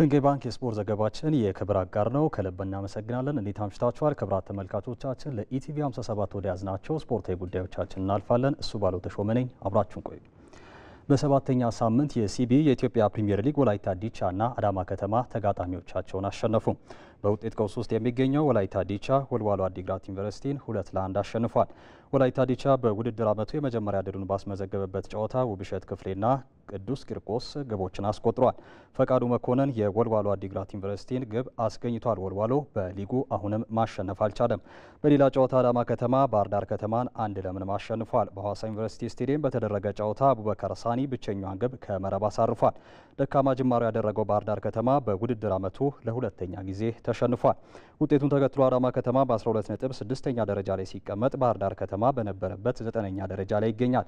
ስንቄ ባንክ የስፖርት ዘገባችን የክብር አጋር ነው። ከልብ እናመሰግናለን። እንዴት አምሽታችኋል? ክብራት ተመልካቾቻችን ለኢቲቪ 57 ወደ ያዝናቸው ስፖርታዊ ጉዳዮቻችን እናልፋለን። እሱ ባለው ተሾመ ነኝ። አብራችሁን ቆዩ። በሰባተኛ ሳምንት የሲቢ የኢትዮጵያ ፕሪምየር ሊግ ወላይታ ዲቻ ዲቻና አዳማ ከተማ ተጋጣሚዎቻቸውን አሸነፉ። በውጤት ቀውስ ውስጥ የሚገኘው ወላይታ ዲቻ ወልዋሎ አዲግራት ዩኒቨርሲቲን ሁለት ለአንድ አሸንፏል። ወላይታ ዲቻ በውድድር ዓመቱ የመጀመሪያ ድሉን ባስመዘገበበት ጨዋታ ውብሸት ክፍሌና ቅዱስ ቂርቆስ ግቦችን አስቆጥሯል። ፈቃዱ መኮንን የወልዋሎ አዲግራት ዩኒቨርሲቲን ግብ አስገኝቷል። ወልዋሎ በሊጉ አሁንም ማሸነፍ አልቻለም። በሌላ ጨዋታ አዳማ ከተማ ባህር ዳር ከተማን አንድ ለምንም አሸንፏል። በሐዋሳ ዩኒቨርሲቲ ስቴዲየም በተደረገ ጨዋታ አቡበከር ሳኒ ብቸኛዋን ግብ ከመረብ አሳርፏል። ደካማ ጅማሮ ያደረገው ባህር ዳር ከተማ በውድድር ዓመቱ ለሁለተኛ ጊዜ ተሸንፏል። ውጤቱን ተከትሎ አዳማ ከተማ በ12 ነጥብ ስድስተኛ ደረጃ ላይ ሲቀመጥ ባህር ዳር ከተማ በነበረበት ዘጠነኛ ደረጃ ላይ ይገኛል።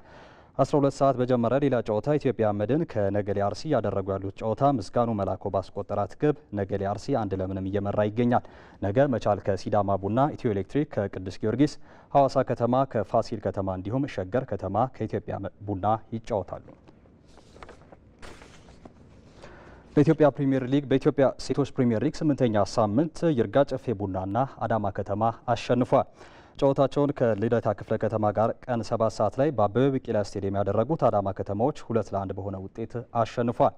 12 ሰዓት በጀመረ ሌላ ጨዋታ ኢትዮጵያ መድን ከነገሌ አርሲ ያደረጉ ያሉት ጨዋታ ምስጋኑ መላኮ ባስቆጠራት ግብ ነገሌ አርሲ አንድ ለምንም እየመራ ይገኛል። ነገ መቻል ከሲዳማ ቡና፣ ኢትዮ ኤሌክትሪክ ከቅዱስ ጊዮርጊስ፣ ሐዋሳ ከተማ ከፋሲል ከተማ እንዲሁም ሸገር ከተማ ከኢትዮጵያ ቡና ይጫወታሉ። በኢትዮጵያ ፕሪሚየር ሊግ በኢትዮጵያ ሴቶች ፕሪሚየር ሊግ ስምንተኛ ሳምንት ይርጋ ጨፌ ቡናና አዳማ ከተማ አሸንፏል። ጨዋታቸውን ከልደታ ክፍለ ከተማ ጋር ቀን ሰባት ሰዓት ላይ በአበበ ቢቂላ ስቴዲየም ያደረጉት አዳማ ከተማዎች ሁለት ለአንድ በሆነ ውጤት አሸንፏል።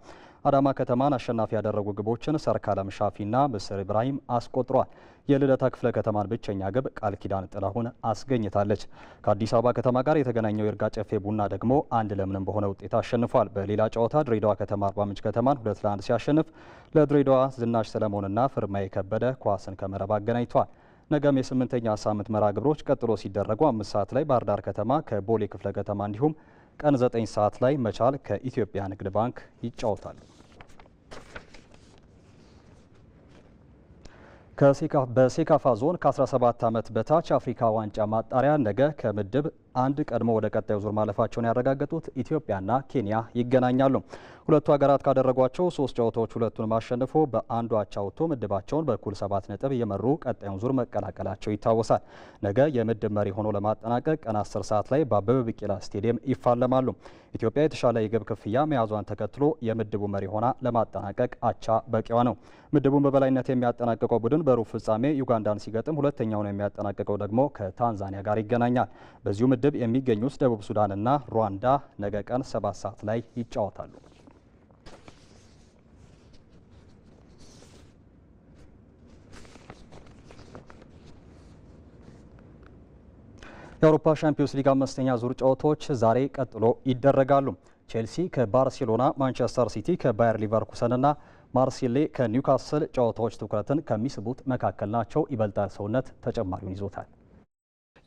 አዳማ ከተማን አሸናፊ ያደረጉ ግቦችን ሰርካለም ሻፊና ምስር ኢብራሂም አስቆጥሯል። የልደታ ክፍለ ከተማን ብቸኛ ግብ ቃል ኪዳን ጥላሁን አስገኝታለች። ከአዲስ አበባ ከተማ ጋር የተገናኘው ይርጋ ጨፌ ቡና ደግሞ አንድ ለምንም በሆነ ውጤት አሸንፏል። በሌላ ጨዋታ ድሬዳዋ ከተማ አርባ ምንጭ ከተማን ሁለት ለአንድ ሲያሸንፍ ለድሬዳዋ ዝናሽ ሰለሞንና ፍርማ የከበደ ኳስን ከመረብ አገናኝቷል። ነገም የስምንተኛ ሳምንት መርሃ ግብሮች ቀጥሎ ሲደረጉ አምስት ሰዓት ላይ ባህር ዳር ከተማ ከቦሌ ክፍለ ከተማ እንዲሁም ቀን ዘጠኝ ሰዓት ላይ መቻል ከኢትዮጵያ ንግድ ባንክ ይጫወታሉ። በሴካፋ ዞን ከ17 ዓመት በታች አፍሪካ ዋንጫ ማጣሪያ ነገ ከምድብ አንድ ቀድሞ ወደ ቀጣዩ ዙር ማለፋቸውን ያረጋገጡት ኢትዮጵያና ኬንያ ይገናኛሉ። ሁለቱ ሀገራት ካደረጓቸው ሶስት ጨዋታዎች ሁለቱን ማሸንፎ በአንዱ አቻ ወጥቶ ምድባቸውን በኩል ሰባት ነጥብ እየመሩ ቀጣዩን ዙር መቀላቀላቸው ይታወሳል። ነገ የምድብ መሪ ሆኖ ለማጠናቀቅ ቀን አስር ሰዓት ላይ በአበበ ቢቂላ ስቴዲየም ይፋለማሉ። ኢትዮጵያ የተሻለ የግብ ክፍያ መያዟን ተከትሎ የምድቡ መሪ ሆና ለማጠናቀቅ አቻ በቂዋ ነው። ምድቡን በበላይነት የሚያጠናቅቀው ቡድን በሩብ ፍጻሜ ዩጋንዳን ሲገጥም፣ ሁለተኛውን የሚያጠናቅቀው ደግሞ ከታንዛኒያ ጋር ይገናኛል። በዚሁ ግድብ የሚገኙት ደቡብ ሱዳንና ሩዋንዳ ነገ ቀን ሰባት ሰዓት ላይ ይጫወታሉ። የአውሮፓ ሻምፒዮንስ ሊግ አምስተኛ ዙር ጨዋታዎች ዛሬ ቀጥሎ ይደረጋሉ። ቼልሲ ከባርሴሎና፣ ማንቸስተር ሲቲ ከባየር ሊቨርኩሰንና ማርሴሌ ከኒውካስል ጨዋታዎች ትኩረትን ከሚስቡት መካከል ናቸው። ይበልጣል ሰውነት ተጨማሪውን ይዞታል።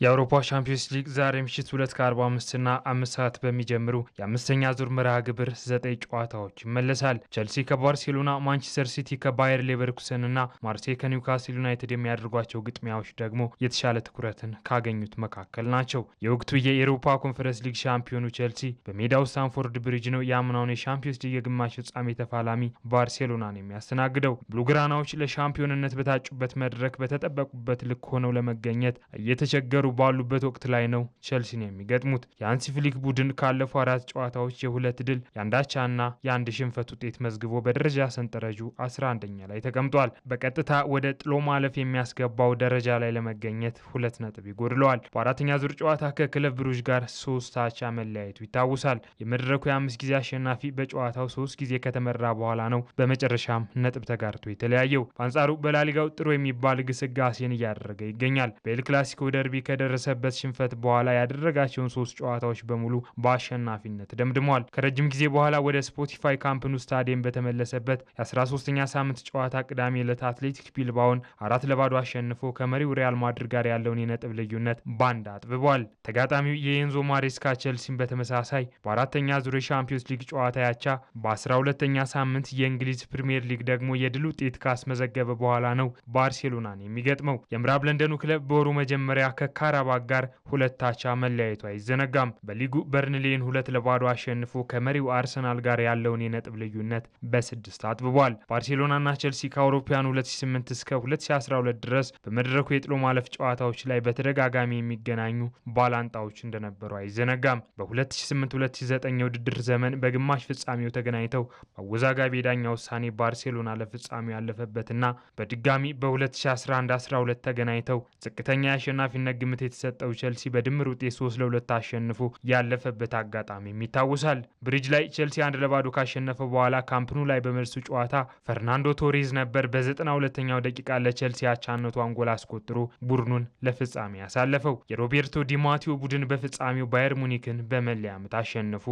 የአውሮፓ ሻምፒዮንስ ሊግ ዛሬ ምሽት ሁለት ከ45 ና አምስት ሰዓት በሚጀምሩ የአምስተኛ ዙር መርሃ ግብር ዘጠኝ ጨዋታዎች ይመለሳል። ቸልሲ ከባርሴሎና፣ ማንቸስተር ሲቲ ከባየር ሌቨርኩሰን ና ማርሴ ከኒውካስል ዩናይትድ የሚያደርጓቸው ግጥሚያዎች ደግሞ የተሻለ ትኩረትን ካገኙት መካከል ናቸው። የወቅቱ የኤሮፓ ኮንፈረንስ ሊግ ሻምፒዮኑ ቸልሲ በሜዳው ስታንፎርድ ብሪጅ ነው የአምናውን የሻምፒዮንስ ሊግ የግማሽ ፍጻሜ ተፋላሚ ባርሴሎናን የሚያስተናግደው። ብሉግራናዎች ለሻምፒዮንነት በታጩበት መድረክ በተጠበቁበት ልክ ሆነው ለመገኘት እየተቸገሩ እየተቀየሩ ባሉበት ወቅት ላይ ነው ቸልሲን የሚገጥሙት። የአንሲ ፍሊክ ቡድን ካለፉ አራት ጨዋታዎች የሁለት ድል የአንዳቻና የአንድ ሽንፈት ውጤት መዝግቦ በደረጃ ሰንጠረዡ 11ኛ ላይ ተቀምጧል። በቀጥታ ወደ ጥሎ ማለፍ የሚያስገባው ደረጃ ላይ ለመገኘት ሁለት ነጥብ ይጎድለዋል። በአራተኛ ዙር ጨዋታ ከክለብ ብሩዥ ጋር ሶስት አቻ መለያየቱ ይታወሳል። የመድረኩ የአምስት ጊዜ አሸናፊ በጨዋታው ሶስት ጊዜ ከተመራ በኋላ ነው በመጨረሻም ነጥብ ተጋርቶ የተለያየው። በአንጻሩ በላሊጋው ጥሩ የሚባል ግስጋሴን እያደረገ ይገኛል። በኤል ክላሲኮ ደርቢ ከ ከደረሰበት ሽንፈት በኋላ ያደረጋቸውን ሶስት ጨዋታዎች በሙሉ በአሸናፊነት ደምድመዋል። ከረጅም ጊዜ በኋላ ወደ ስፖቲፋይ ካምፕኑ ስታዲየም በተመለሰበት የ13ኛ ሳምንት ጨዋታ ቅዳሜ ዕለት አትሌቲክ ቢልባውን አራት ለባዶ አሸንፎ ከመሪው ሪያል ማድሪድ ጋር ያለውን የነጥብ ልዩነት ባንድ አጥብቧል። ተጋጣሚው የኤንዞ ማሬስካ ቼልሲን በተመሳሳይ በአራተኛ ዙር የሻምፒዮንስ ሊግ ጨዋታ ያቻ፣ በ12ተኛ ሳምንት የእንግሊዝ ፕሪምየር ሊግ ደግሞ የድል ውጤት ካስመዘገበ በኋላ ነው ባርሴሎናን የሚገጥመው። የምዕራብ ለንደኑ ክለብ በወሩ መጀመሪያ ከካ ከካራባግ ጋር ሁለት አቻ መለያየቱ አይዘነጋም። በሊጉ በርንሌን ሁለት ለባዶ አሸንፎ ከመሪው አርሰናል ጋር ያለውን የነጥብ ልዩነት በስድስት አጥብቧል። ባርሴሎናና ቸልሲ ከአውሮፓውያን 2008 እስከ 2012 ድረስ በመድረኩ የጥሎ ማለፍ ጨዋታዎች ላይ በተደጋጋሚ የሚገናኙ ባላንጣዎች እንደነበሩ አይዘነጋም። በ2008/2009 የውድድር ዘመን በግማሽ ፍጻሜው ተገናኝተው አወዛጋቢ የዳኛ ውሳኔ ባርሴሎና ለፍጻሜው ያለፈበትና በድጋሚ በ2011/12 ተገናኝተው ዝቅተኛ የአሸናፊነት ግምት ግምት የተሰጠው ቸልሲ በድምር ውጤት ሶስት ለሁለት አሸንፎ ያለፈበት አጋጣሚም ይታወሳል። ብሪጅ ላይ ቸልሲ አንድ ለባዶ ካሸነፈ በኋላ ካምፕኑ ላይ በመልሱ ጨዋታ ፈርናንዶ ቶሬዝ ነበር በዘጠና ሁለተኛው ደቂቃ ለቸልሲ አቻነቱ አንጎል አስቆጥሮ ቡድኑን ለፍጻሜ ያሳለፈው። የሮቤርቶ ዲማቲዮ ቡድን በፍጻሜው ባየር ሙኒክን በመለያ ምት አሸንፎ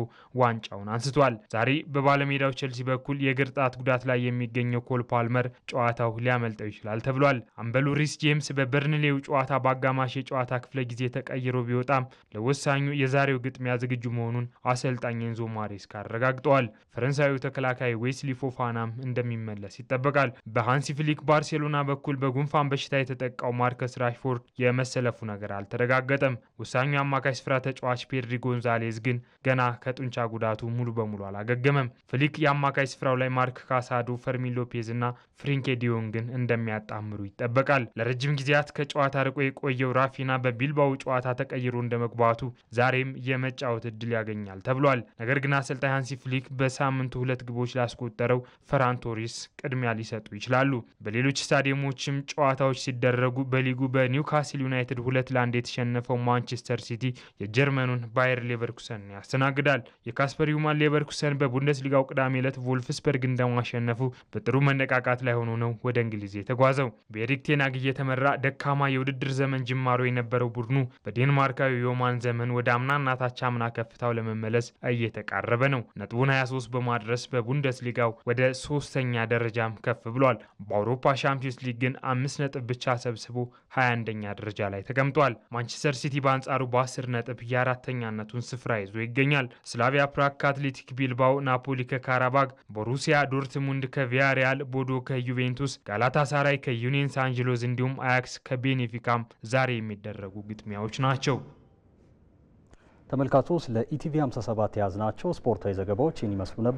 ዋንጫውን አንስቷል። ዛሬ በባለሜዳው ቸልሲ በኩል የእግር ጣት ጉዳት ላይ የሚገኘው ኮል ፓልመር ጨዋታው ሊያመልጠው ይችላል ተብሏል። አምበሉ ሪስ ጄምስ በበርንሌው ጨዋታ በአጋማሽ የጨዋታ ክፍለ ጊዜ ተቀይሮ ቢወጣም ለወሳኙ የዛሬው ግጥሚያ ዝግጁ መሆኑን አሰልጣኝ ኤንዞ ማሬስካ አረጋግጠዋል። ፈረንሳዊው ተከላካይ ዌስሊ ፎፋናም እንደሚመለስ ይጠበቃል። በሃንሲ ፍሊክ ባርሴሎና በኩል በጉንፋን በሽታ የተጠቃው ማርከስ ራሽፎርድ የመሰለፉ ነገር አልተረጋገጠም። ወሳኙ አማካይ ስፍራ ተጫዋች ፔድሪ ጎንዛሌዝ ግን ገና ከጡንቻ ጉዳቱ ሙሉ በሙሉ አላገገመም። ፍሊክ የአማካይ ስፍራው ላይ ማርክ ካሳዶ፣ ፈርሚን ሎፔዝ እና ፍሪንኬ ዲዮን ግን እንደሚያጣምሩ ይጠበቃል። ለረጅም ጊዜያት ከጨዋታ ርቆ የቆየው ራፊና በቢልባው ጨዋታ ተቀይሮ እንደመግባቱ ዛሬም የመጫወት እድል ያገኛል ተብሏል። ነገር ግን አሰልጣኝ ሃንሲ ፍሊክ በሳምንቱ ሁለት ግቦች ላስቆጠረው ፈራን ቶሪስ ቅድሚያ ሊሰጡ ይችላሉ። በሌሎች ስታዲየሞችም ጨዋታዎች ሲደረጉ በሊጉ በኒውካስል ዩናይትድ ሁለት ለአንድ የተሸነፈው ማንቸስተር ሲቲ የጀርመኑን ባየር ሌቨርኩሰን ያስተናግዳል። የካስፐር ዩማን ሌቨርኩሰን በቡንደስሊጋው ቅዳሜ ዕለት ቮልፍስበርግ እንደማሸነፉ በጥሩ መነቃቃት ላይ ሆኖ ነው ወደ እንግሊዝ የተጓዘው። በኤሪክ ቴን ሃግ እየተመራ ደካማ የውድድር ዘመን ጅማሮ የነበረ የነበረው ቡድኑ በዴንማርካዊ ዮማን ዘመን ወደ አምናና ታች አምና ከፍታው ለመመለስ እየተቃረበ ነው። ነጥቡን 23 በማድረስ በቡንደስሊጋው ወደ ሶስተኛ ደረጃም ከፍ ብሏል። በአውሮፓ ሻምፒዮንስ ሊግ ግን አምስት ነጥብ ብቻ ሰብስቦ 21ኛ ደረጃ ላይ ተቀምጧል። ማንቸስተር ሲቲ በአንጻሩ በ10 ነጥብ የአራተኛነቱን ስፍራ ይዞ ይገኛል። ስላቪያ ፕራክ ከአትሌቲክ ቢልባው፣ ናፖሊ ከካራባግ፣ ቦሩሲያ ዶርትሙንድ ከቪያሪያል፣ ቦዶ ከዩቬንቱስ፣ ጋላታሳራይ ከዩኒየን ሳንጅሎዝ እንዲሁም አያክስ ከቤኔፊካም ዛሬ የሚደረ የሚደረጉ ግጥሚያዎች ናቸው። ተመልካቾች ለኢቲቪ 57 የያዝናቸው ስፖርታዊ ዘገባዎች ይህን ይመስሉ ነበር።